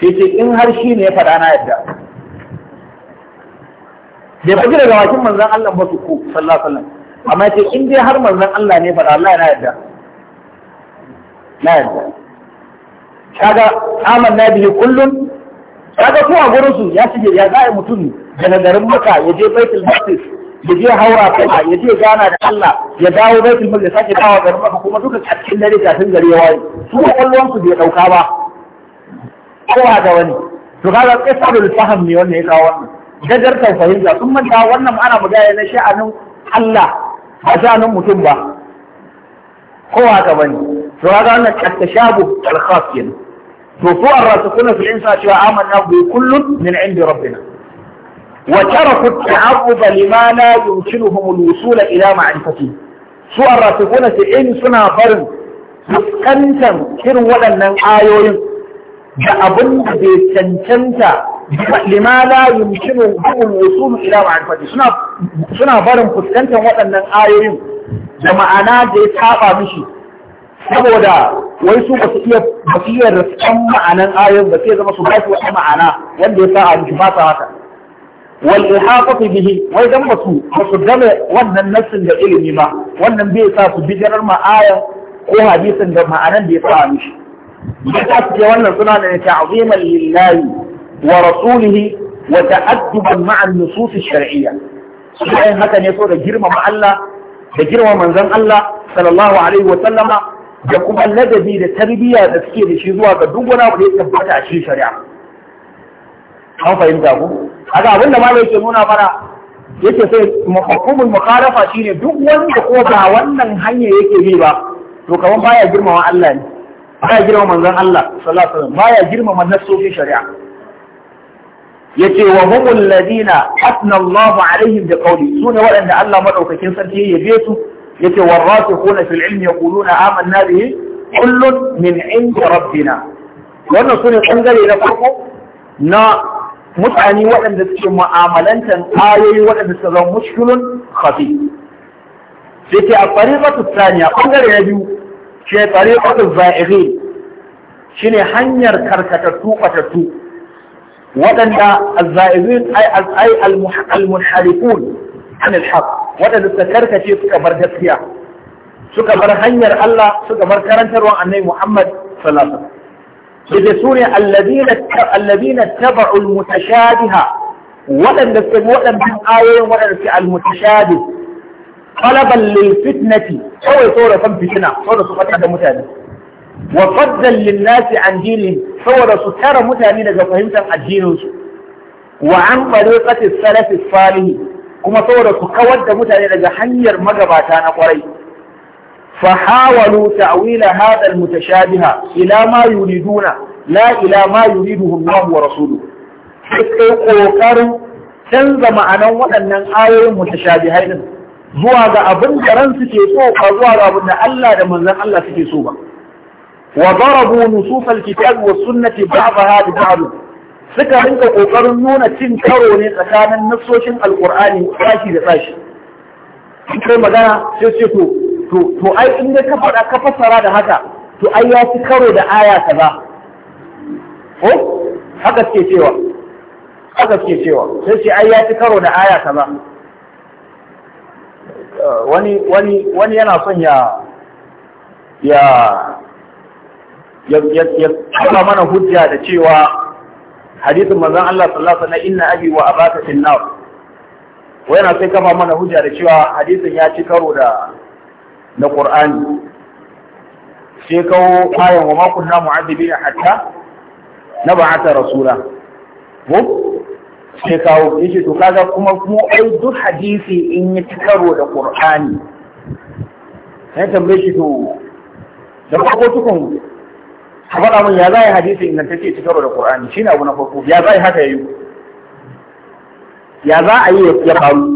sai ce in har shi ne ya fara na yadda Da faɗi daga bakin manzon Allah ba su ku sallallahu alaihi wasallam amma ce in dai har manzon Allah ne fara Allah yana yadda na yadda kaga amanna bihi kullun kaga ko a gurin su ya shige ya zai mutum daga garin maka ya je Baitul Maqdis ya je haura ko ya je gana da Allah ya dawo Baitul Maqdis ya dawo garin maka, kuma duka a cikin dare kafin gari ya waye su kallon su bai dauka ba ko ga wani to kaga qisarul fahm ne wannan ya kawo wannan gajartar fahimta sun manta wannan ana magana na sha'anin Allah ba sha'anin mutum ba ko haka wani to kaga wannan at-tashabuh al-khas kenan to su ar-rasikuna fil insa cewa amanna bi kullun min indi rabbina wa taraku at-ta'abbud lima la yumkinuhum al-wusul ila ma'rifatihi su ar-rasikuna fil in suna barin fuskantan irin waɗannan ayoyin da abin da bai cancanta lima la yumkinu hukul wusul ila ma'rifati suna suna barin fuskantar waɗannan ayoyin da ma'ana da ya saba mishi saboda wai su ba su iya ba su iya rufan ma'anan ayoyin ba sai zama su ba su wata ma'ana wanda ya sa a jiki ba sa haka wal ihaqatu bihi wai dan basu basu game wannan nassin da ilimi ba wannan bai sa su bijirar ma'ayan ko hadisin da ma'anan da ya sa mishi ya sa su wannan suna da ta'ziman lillahi wa rasulihi wa ta'adduban ma'a an-nusus ash Su sai haka ne so da girmama Allah da girmama manzon Allah sallallahu alaihi wa sallama da kuma ladabi da tarbiyya da suke da shi zuwa ga duk wani abu da ya tabbata a cikin shari'a an fahimta ku haka abin da malai yake nuna mana yake sai hukumul mukhalafa shine duk wanda ko ba wannan hanya yake bi ba to kaman baya girmama Allah ne baya girmama manzon Allah sallallahu alaihi wasallam baya girmama nasofin shari'a yace wa humul ladina asna Allahu alaihim bi qawli sune waɗanda Allah madaukakin sarki ya yabe su yace warasikhuna fil ilmi yaquluna amanna bihi kullun min indi rabbina wannan sune bangare na farko na mutane waɗanda suke mu'amalantan ayoyi waɗanda su zama mushkilun khafi sai ke a tsariƙatu tsaniya bangare na biyu ce tsariƙatu za'iri shine hanyar karkatattu batattu waɗanda azza'irin ay al-munharifun anil haq waɗanda suka karkace suka bar gaskiya suka bar hanyar Allah suka bar karantarwar annabi Muhammad sallallahu alaihi wasallam sai su ne alladina alladina tabu'u almutashabiha waɗanda suka bi waɗannan ayoyin waɗanda suke almutashabih talaban lil fitnati kawai saboda san fitina saboda su fata da mutane wa faddan lin nasi an dinin saboda su tara mutane daga fahimtar addininsu wa an tariqati salafi salihi kuma saboda su kawar da mutane daga hanyar magabata na kwarai fahawalu ta'wila hadha almutashabiha ila ma yuriduna la ila ma yuriduhu Allah wa rasuluhu sai kokarin canza ma'anan waɗannan ayoyin mutashabihai din zuwa ga abin da ran suke so ba zuwa ga abin da Allah da manzon Allah suke so ba wa darabu nusuf alkitab wa sunnati ba'daha bi ba'd suka rinka ƙoƙarin nuna cin karo ne tsakanin nasoshin alƙur'ani sashi da sashi in kai magana sai ce to to to ai in dai ka faɗa ka fassara da haka to ai ya ci karo da aya kaza ko haka suke cewa haka suke cewa sai ce ai ya ci karo da aya kaza wani wani wani yana son ya ya ya ya mana hujja da cewa hadisin manzon Allah sallallahu alaihi wasallam inna abi wa abaka fil nar wai na sai kafa mana hujja da cewa hadisin ya ci karo da na Qur'ani sai kawo ayan wa ma kunna mu'adibina hatta nab'ata rasula ko sai kawo yace to kaga kuma mu ai duk hadisi in ya ci karo da Qur'ani sai tambaye shi to da ko tukun ka faɗa mun ya za a yi hadisin ce ci karo da shi shine abu na farko ya za a yi haka yi. ya za a yi ya faru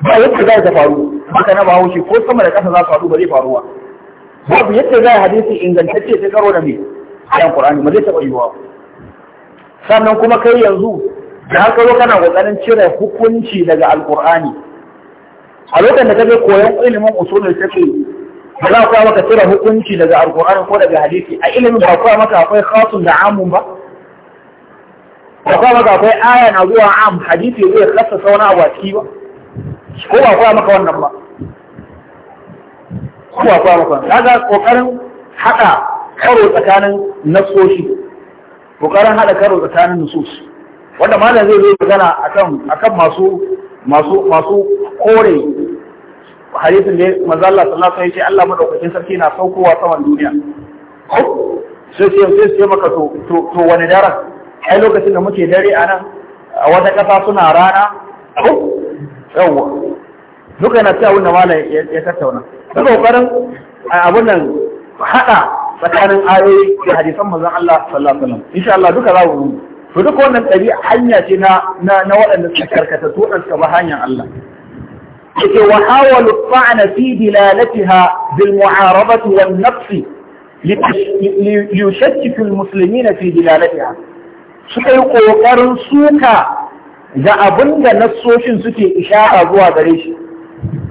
ba yadda za ta faru haka na bahaushe ko sama da ƙasa za su faru ba zai faruwa babu yadda za a yi hadisi ingantacce ci karo da mai ayan ƙur'ani ba zai taɓa yiwuwa sannan kuma kai yanzu da haka zo kana ƙoƙarin cire hukunci daga Alƙur'ani a lokacin da zai koyon ilimin usulul fiqh ba za kuwa maka tsira hukunci daga alkur'ani ko daga hadisi a ilimin ba kuwa maka akwai khasun da amun ba ba kuwa maka akwai aya na zuwa am hadisi zai kasa sauna a wasi ba ko ba kuwa maka wannan ba ko ba kuwa maka wannan kaga kokarin haɗa karo tsakanin nasoshi kokarin haɗa karo tsakanin nusus wanda malam zai zo magana akan akan masu masu masu kore hadisin ne manzo Allah sallallahu alaihi wasallam ya ce Allah madaukakin sarki na saukowa saman duniya ko sai sai sai sai maka to to wani daren ai lokacin da muke dare a nan a wata kasa suna rana yawa duka yana cewa wannan malam ya tattauna da kokarin abun nan hada tsakanin ayoyi da hadisan manzon Allah sallallahu alaihi wasallam insha Allah duka za mu to duka wannan ɗabi'a hanya ce na na waɗanda suka karkata to suka ba hanyar Allah yake wa hawalu ta'ana fi dilalatiha bil mu'arabati wan nafsi li yushakkiku al muslimina fi dilalatiha suka yi kokarin suka ga abinda nasoshin nassoshin suke ishara zuwa gare shi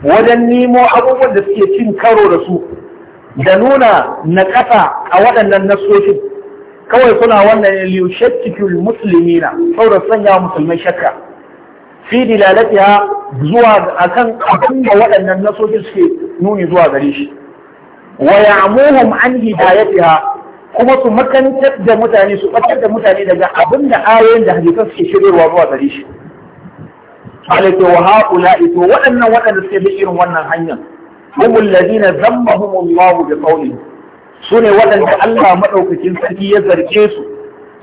wajen nemo abubuwan da suke cin karo da su da nuna na ƙasa a waɗannan nassoshin kawai suna wannan liyushakkiku al muslimina saboda sanya musulmai shakka fi dilalatiha zuwa akan abin da waɗannan nasoji suke nuni zuwa gare shi wa ya'muhum an hidayatiha kuma su makantar da mutane su ɓatar da mutane daga abin da ayoyin da hadisan suke shiryarwa zuwa gare shi alaike wa haƙula ito waɗannan waɗanda suke bi irin wannan hanyar humul ladina zammahum Allah bi qawli sune waɗanda Allah maɗaukakin sarki ya zarge su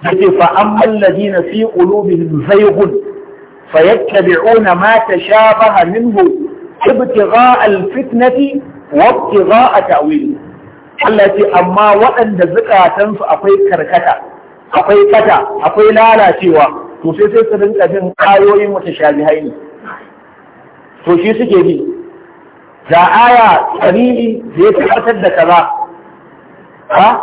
yace fa ammal ladina fi qulubihim zayghun فيتبعون ما تشابه منه ابتغاء الفتنة وابتغاء تأويله التي أما وأن ذكاة فأقوي كركتا أقوي كتا أقوي لا لا سوى تسيسي سبنك من قايوي متشابهين تسيسي كذي جاء آية سليلي زي تحسد كذا ها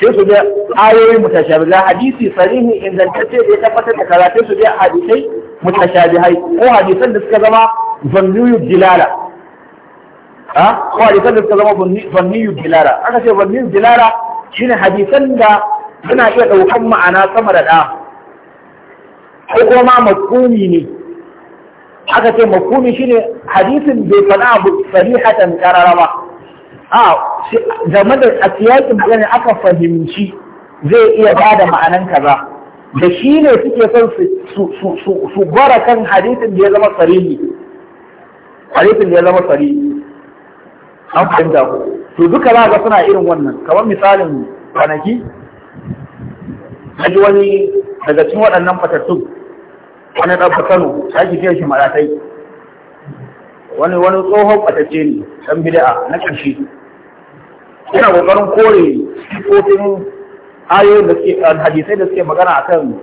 سيسي جاء آيوي متشابه لا حديثي سليلي إن ذا تسيسي تحسد كذا تسيسي جاء حديثي mutashabihai ko hadisan da suka zama zanniyu dilala ko hadisan da suka zama zanniyu dilala aka ce zanniyu dilala shine hadisan da suna iya daukan ma'ana sama da da ko kuma mafhumi ne aka ce shine hadisin bai faɗa abu sarihatan qarara ba a game da a siyakin magana aka fahimci zai iya bada ma'anan kaza da shi ne suke son su gwara kan hadithin da ya zama sarihi hadithin da ya zama sarihi an fahimta ko to duka za ga suna irin wannan kamar misalin kwanaki ji wani daga cikin waɗannan fatattun wani ɗan Kano ta fiye shi maratai wani wani tsohon fatacce ne ɗan bida'a na ƙarshe yana ƙoƙarin kore sifofin ayoyin da suke eh, hadisai da suke magana akan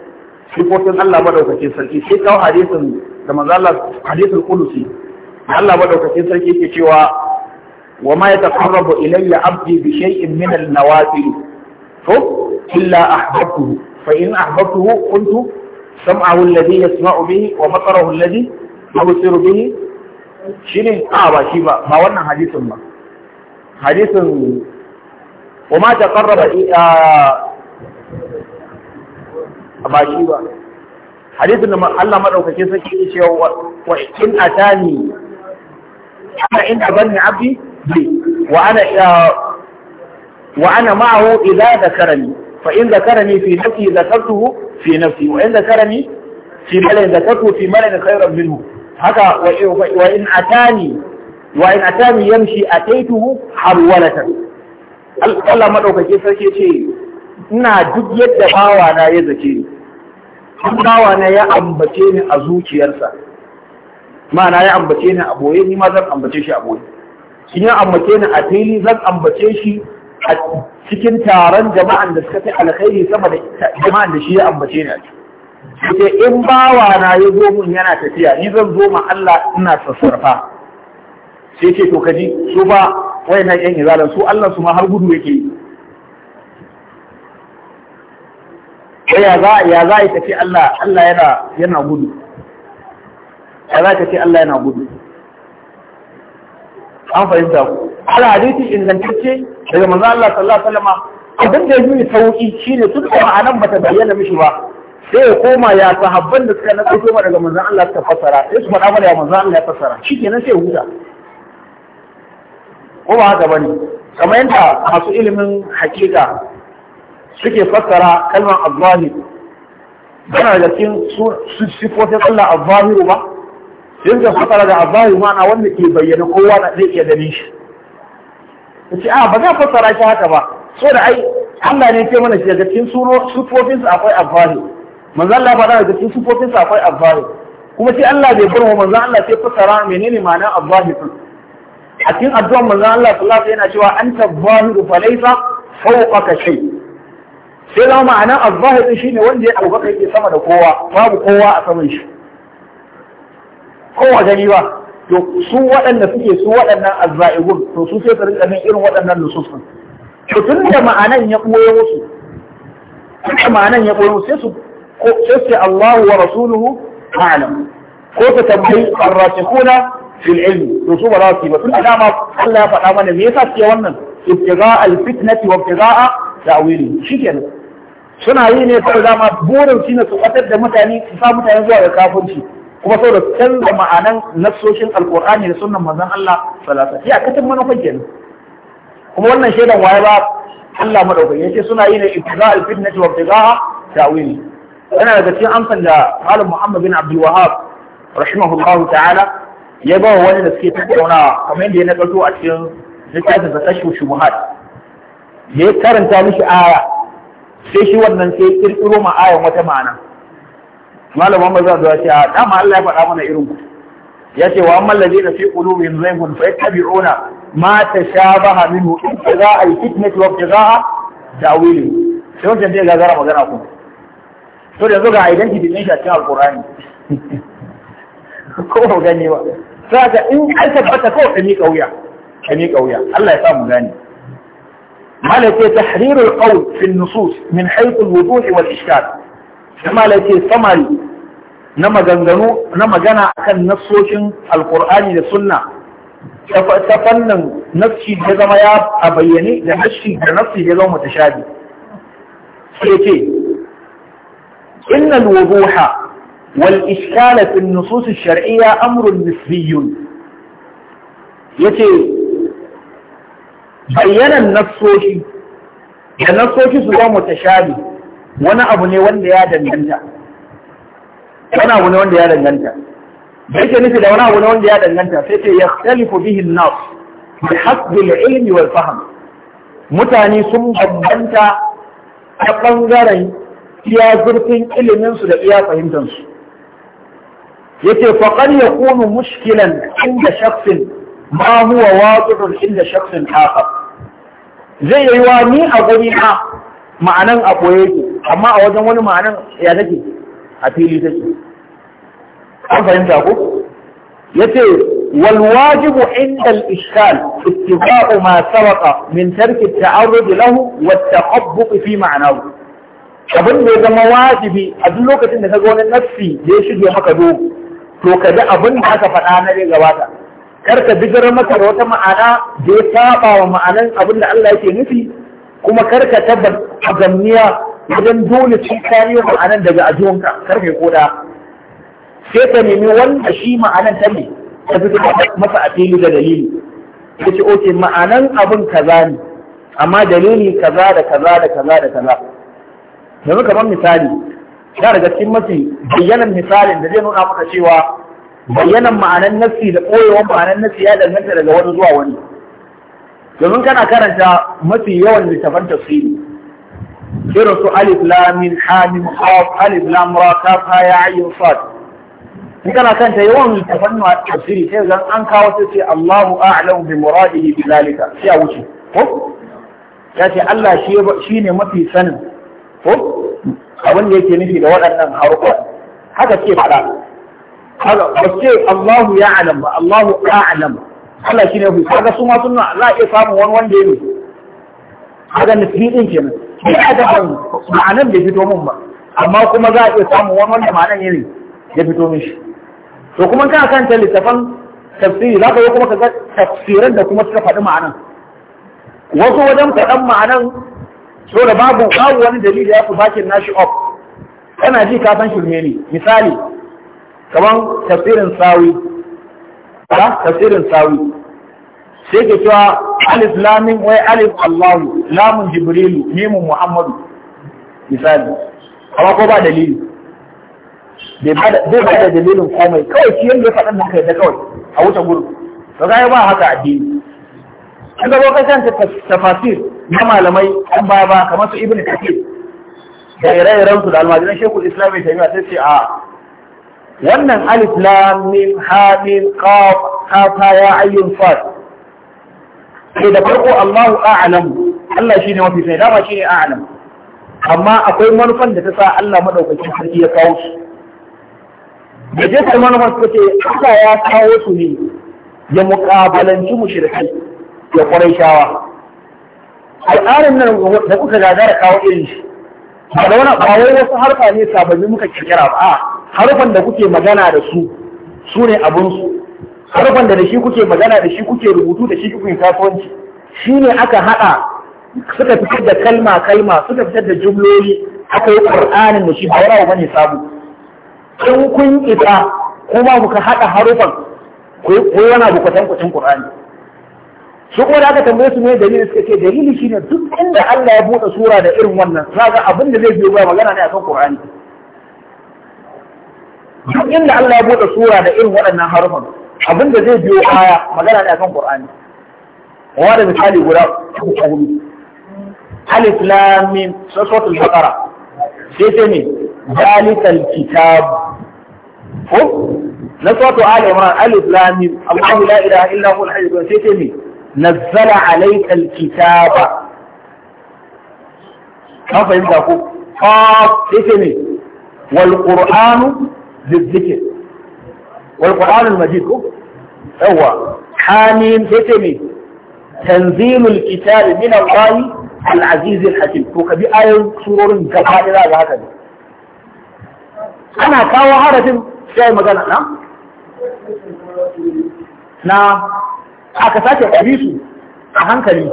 sifofin Allah madaukakin sarki sai kawo hadisin da manzo Allah hadisul da Allah madaukakin sarki yake cewa wa ma yataqarrabu ilayya abdi bi shay'in min al-nawafil to illa ahbabtuhu fa in ahbabtuhu kuntu sam'ahu alladhi yasma'u bihi wa basarahu alladhi yubsiru bihi shine a ba shi ba ba wannan hadisin ba hadisin wa ma taqarraba eh, ba shi ba hadisin da Allah madaukakin sai ya ce wa in atani ana inda banni abdi bi wa ana wa ana ma'ahu idza dhakarani fa in dhakarani fi nafsi dhakartuhu fi nafsi wa in dhakarani fi malin dhakartuhu fi malin khayran minhu haka wa in atani wa in atani yamshi ataituhu harwalatan Allah madaukake sarki ce ina duk yadda bawana ya zace ni duk bawana ya ambace ni a zuciyarsa ma'ana ya ambace ni a boye ni ma zan ambace shi a boye in ya ambace ni a fili zan ambace shi a cikin taron jama'an da suka fi alkhairi sama da jama'an da shi ya ambace ni a ciki sai in bawana ya zo mun yana tafiya ni zan zo ma Allah ina sassarfa sai ce to kaji su ba wayannan yan izalan su Allah su ma har gudu yake yi ya za ya za ka ce Allah Allah yana yana gudu ya za ka ce Allah yana gudu an fahimta ku ala hadisi ingantacce daga manzo Allah sallallahu alaihi wasallam abin da yake sauki shine tun da ma'anar bata bayyana mishi ba sai ya koma ya sahabban da suka nako koma daga manzo Allah suka fassara sai su faɗa mana ya manzo Allah ya fassara shikenan sai ya huta ko ba haka bane kamar yadda masu ilimin hakika suke fassara kalmar azzahir yana da cikin sifofin Allah azzahiru ba sai suka fassara da azzahiru ma'ana wanda ke bayyana kowa na zai iya ganin shi ce a ah, ba za fassara shi haka ba so da ai Allah ne ke mana shi daga cikin sifofin sa akwai azzahiru manzo Allah ba daga cikin sifofin sa akwai azzahiru kuma sai Allah bai bar mu manzo Allah sai fassara menene ma'anar azzahiru a cikin addu'ar manzo Allah sallallahu alaihi wasallam yana cewa anta zahiru falaysa fawqaka shay' sai zama ma'anan azzahir shi shine wanda ya abubakar ke sama da kowa babu kowa a saman shi kowa gani ba to su waɗanda suke su waɗannan azza'igun to su sai su rinka min irin waɗannan nususun to tun da ma'anan ya ɓoye musu tun da ma'anan ya ɓoye musu sai su sai Allahu wa rasuluhu a'lam ko ta tambayi arrasikuna fil ilmi to su ba za su yi ba tun da ma Allah ya faɗa mana me yasa suke wannan ibtigha al fitnati wa ibtigha ta'wili shikenan suna yi ne kawai dama burin shi ne su fatar da mutane su sa mutane zuwa ga kafirci kuma saboda canza ma'anan nassoshin alkur'ani da sunnan manzon Allah sallallahu alaihi wasallam katin manufan kenan kuma wannan shaidan waye ba Allah Ya yace suna yi ne ibtiza alfitnati wa ibtiza ta'wili yana daga cikin amsan da Malam Muhammad bin Abdul Wahhab rahimahullahu ta'ala ya ba wani da suke tattaunawa kamar yadda ya nakalto a cikin littafin zakashu shubuhat ya karanta mishi aya sai shi wannan sai kirkiro ma ayan wata ma'ana malam Muhammad zai zuwa a dama Allah ya faɗa mana irin ku ya ce wa amma ladina fi qulubihim zaygun fa yattabi'una ma tashabaha minhu ibtigha'a al-fitnati wa ibtigha'a ta'wili sai wannan dai gagara magana ku to da yanzu ga identity din shi a cikin alqur'ani [LAUGHS] ko ba gane ba saka in an tabbata ko ka ni wuya ka ni wuya Allah ya sa mu gane malaka tahrirul qawl fi nusus min haythu al-wudu' wal ishkal kuma samari na maganganu na magana akan nassoshin alqur'ani da sunna ta fannin nassi da zama ya a bayyane da nassi da nassi da zama mutashabi sai ce innal wuduha wal iskala fi an-nusus ash-shar'iyya amrun nisbiyyun yace bayyanan nassoshi da nassoshi su zama mutashabi wani abu ne wanda ya danganta wani abu ne wanda ya danganta da yake nufi da wani abu ne wanda ya danganta sai ce yakhtalifu bihi an-nas bi haƙƙi al-ilmi wal fahm mutane sun bambanta a bangaren iya zurfin iliminsu da iya fahimtar su yace ya yakunu mushkilan inda shakhsin ma huwa wadihun inda shakhsin akhar zai yi wa ni a guri ha? ma'anan a koye ke amma a wajen wani ma'anan ya take a fili take an fahimta ko yace wal wajibu inda al ishkal ittiba'u ma sabaqa min tarki at lahu wa taqabbu fi ma'nahu abin da ya zama wajibi a duk lokacin da ka wani nafsi da ya shige maka do to ka abin da aka faɗa na gabata kar ka bijirar maka da wata ma'ana da ya saba wa ma'anan abin da Allah yake nufi kuma kar ka tabbar azamniya wajen dole ci kariyo ma'anan daga ajiwanka kar koda sai ka nemi wanda shi ma'anan ta ne ta fito masa a fili da dalili ya ce oke ma'anan abin kaza ne amma dalili kaza da kaza da kaza da kaza yanzu kamar misali ya daga cikin mafi bayyanan misalin da zai nuna maka cewa bayyanan ma'anan nafsi da ɓoyewan ma'anan nafsi ya danganta daga wani zuwa wani domin kana karanta mafi yawan littafan tafsiri irin su alif lamin hamim haf alif lam ra kaf ha ya ayyun sad in kana karanta yawan littafan tafsiri sai zan an kawo sai ce Allahu a'lamu bi muradihi bi zalika sai a wuce ko ya ce Allah shi ne mafi sanin ko abin da yake nufi da waɗannan haruka haka ce faɗa ba ce Allahu ya alam ba Allahu a'lam Allah shi ne hu kaga su ma sunna za a iya samun wani wanda ya ne kaga nisbi din kenan sai a ga ma'anan bai fito min ba amma kuma za a iya samun wani wanda ma'anan ya ne ya fito min shi. to kuma kana kanta littafan tafsiri za ka yi kuma ka ga tafsiran da kuma suka faɗi ma'anan wasu wajen faɗan ma'anan so da babu babu wani dalili ya fi bakin nashi off. kana ji ka san shirme ne misali kamar tafsirin sawi ba tafsirin sawi sai ke cewa alif lamin wai alif Allahu lamun jibrilu mimun muhammadu misali amma ko ba dalili bai ba da dalilin komai kawai shi yadda ya faɗin da kai da kawai a wuta gurin to ga ba haka addini an gaba kanta tafasir na malamai an baya ba kamar su ibnu kathir da ire-iren su da almajiran shekul islam ya tafiya sai ce a wannan alif lam mim ha mim qaf ha ta ya ayyun fat sai da farko Allahu a'lam Allah shine mafi sai dama shine a'lam amma akwai manufan da ta sa Allah madaukakin sarki ya kawo su da jefar manufan suka ce Allah ya kawo su ne ya muƙabalanci mushrikai ya kwarai shawa al'adar nan da kuka gagara kawo irin shi ba wani ba wasu harfa ne sababbi muka kirkira ba harfan da kuke magana da su su ne abinsu harfan da da shi kuke magana da shi kuke rubutu da shi kuke kasuwanci shi ne aka haɗa suka fitar da kalma kalma suka fitar da jumloli aka yi ƙar'anin da shi ba wani bane sabu in kun isa kuma kuka haɗa harufan ko yana da kwatan kwatan ƙur'ani su kuma da aka tambaye su ne dalili suka ce dalili shine duk inda Allah ya buɗe sura da irin wannan za ga abin da zai biyo ba magana ne akan ƙur'ani duk inda Allah ya buɗe sura da irin waɗannan harufan abin da zai biyo baya magana ne akan Qur'ani wa da misali guda uku ko hudu alif lam mim suratul baqara sai sai ne zalikal kitab ko na suratul ali imran alif lam mim Allahu la ilaha illa huwa al-hayy sai sai ne nazzala alayka al-kitaba an fahimta ko qaf sai sai ne wal qur'anu bizzikin wal qur'anul ko yawa hamim sai ce me tanzilul kitab ne ana kawo harafin sai magana na na a hankali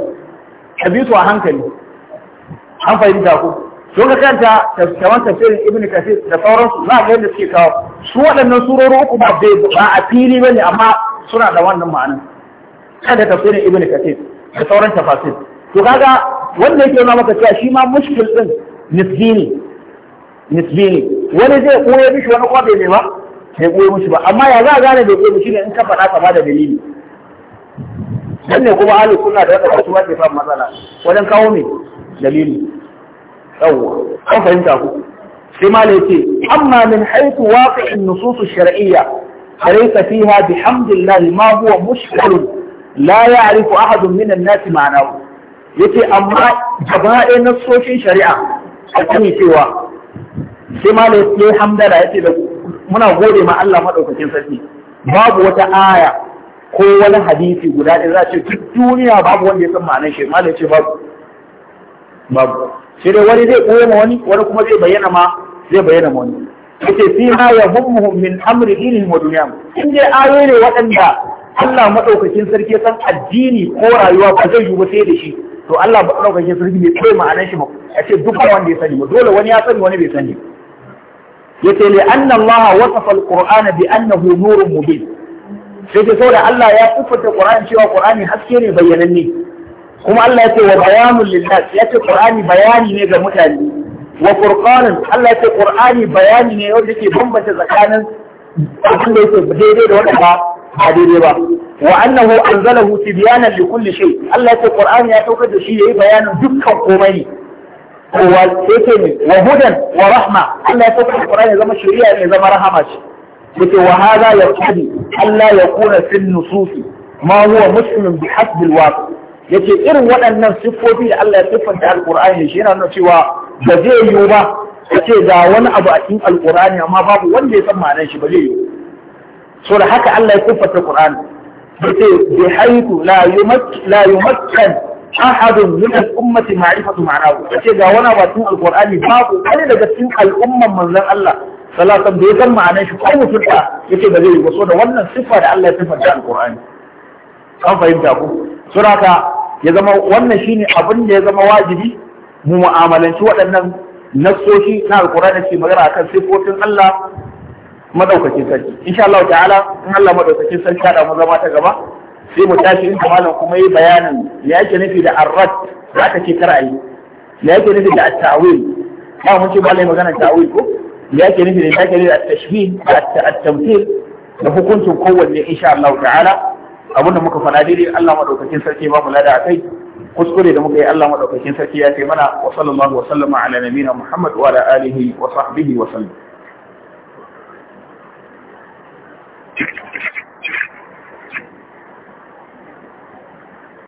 a hankali an fahimta ko don ka kanta kamar tafsirin ibn kasir da sauransu za ga yadda suke kawo su waɗannan surori uku ba ba a fili bane amma suna da wannan ma'anan kada tafsirin ibn kasir da sauran tafasir to kaga wanda yake nuna maka cewa shi ma mushkil din nisbini nisbini wani zai ɓoye mishi wani kwabe ne ba bai ɓoye mishi ba amma ya za a gane bai koya mishi ne in ka faɗa ka da dalili dan ne kuma ahli sunna da wata wasu ke fa matsala wajen kawo me dalili yawwa an fahimta ku sai ma ce amma min haitu waqi'in nusus shar'iyya falaysa fiha bihamdillah ma huwa mushkil la ya'rifu ahadun min an-nas ma'nahu yace amma gabaɗe na sokin shari'a a kani cewa sai ma da ya hamdala yace da muna gode ma Allah madaukakin sarki babu wata aya ko wani hadisi guda ɗaya za ce duk duniya babu wanda ya san ma'anar shi ma da babu babu sai dai wani zai koya ma wani wani kuma zai bayyana ma zai bayyana ma wani yace fi ma yahummuhum min amri dinihim wa dunyahum in dai ayoyi ne waɗanda Allah madaukakin sarki san addini ko rayuwa ba zai ba sai da shi to Allah madaukakin sarki mai koyi ma'anar shi ba a ce duk wanda ya sani ba dole wani ya sani wani bai sani yace li anna Allah wasafa al-Qur'ana bi annahu nurun mubin sai dai saboda Allah ya da Qur'ani cewa Qur'ani haske ne bayyananne kuma Allah ya ce wa bayanun lillah ya ce Qur'ani bayani ne ga mutane wa furqanin Allah ya ce Qur'ani bayani ne wanda yake bambanta tsakanin abin da yake daidai da wanda ba a daidai ba wa annahu anzalahu tibyanan li kulli shay Allah ya ce Qur'ani ya daukar da shi yayi bayanin dukkan komai ne wa yake ne wa hudan wa rahma Allah ya ce Qur'ani ya zama shari'a ne zama rahama ce yake wa hadha yaqtadi Allah ya fi nususi ma huwa muslim bi waqi yace irin waɗannan siffofi da Allah ya siffanta alqur'ani shi yana nuna cewa ba zai yiwu ba yace ga wani abu a cikin alqur'ani amma babu wanda ya san ma'anar shi ba zai yiwu so da haka Allah ya siffanta qur'ani yace bi haythu la yumakkin la yumakkin ahadun min al-ummati ma'rifatu ma'anahu yace ga wani abu a cikin alqur'ani babu wani daga cikin al'umman manzon Allah salatan da ya san ma'anar shi ko mutum da yace ba zai yiwu so da wannan siffa da Allah ya siffanta alqur'ani an fahimta ku suraka ya zama wannan shine abin da ya zama wajibi mu mu'amalanci waɗannan nassoshi na da ke magana akan sifofin Allah madaukakin sarki insha Allah ta'ala in Allah madaukakin sarki ya mu zama ta gaba sai mu tashi in malam kuma yi bayanin ya yake nufi da arrat za ka ce kar'ayi ya yake nufi da at-ta'wil ba mun ce malam magana ta'wil ko ya yake nufi da ya yake nufi da at-tashbih at-tamthil da hukuncin kowanne insha Allah ta'ala abin da muka faɗa daidai Allah madaukakin sarki ba mu lada akai kuskure da muka yi Allah madaukakin sarki ya ce mana wa sallallahu wa sallama ala nabiyina Muhammad wa ala alihi wa sahbihi wa sallam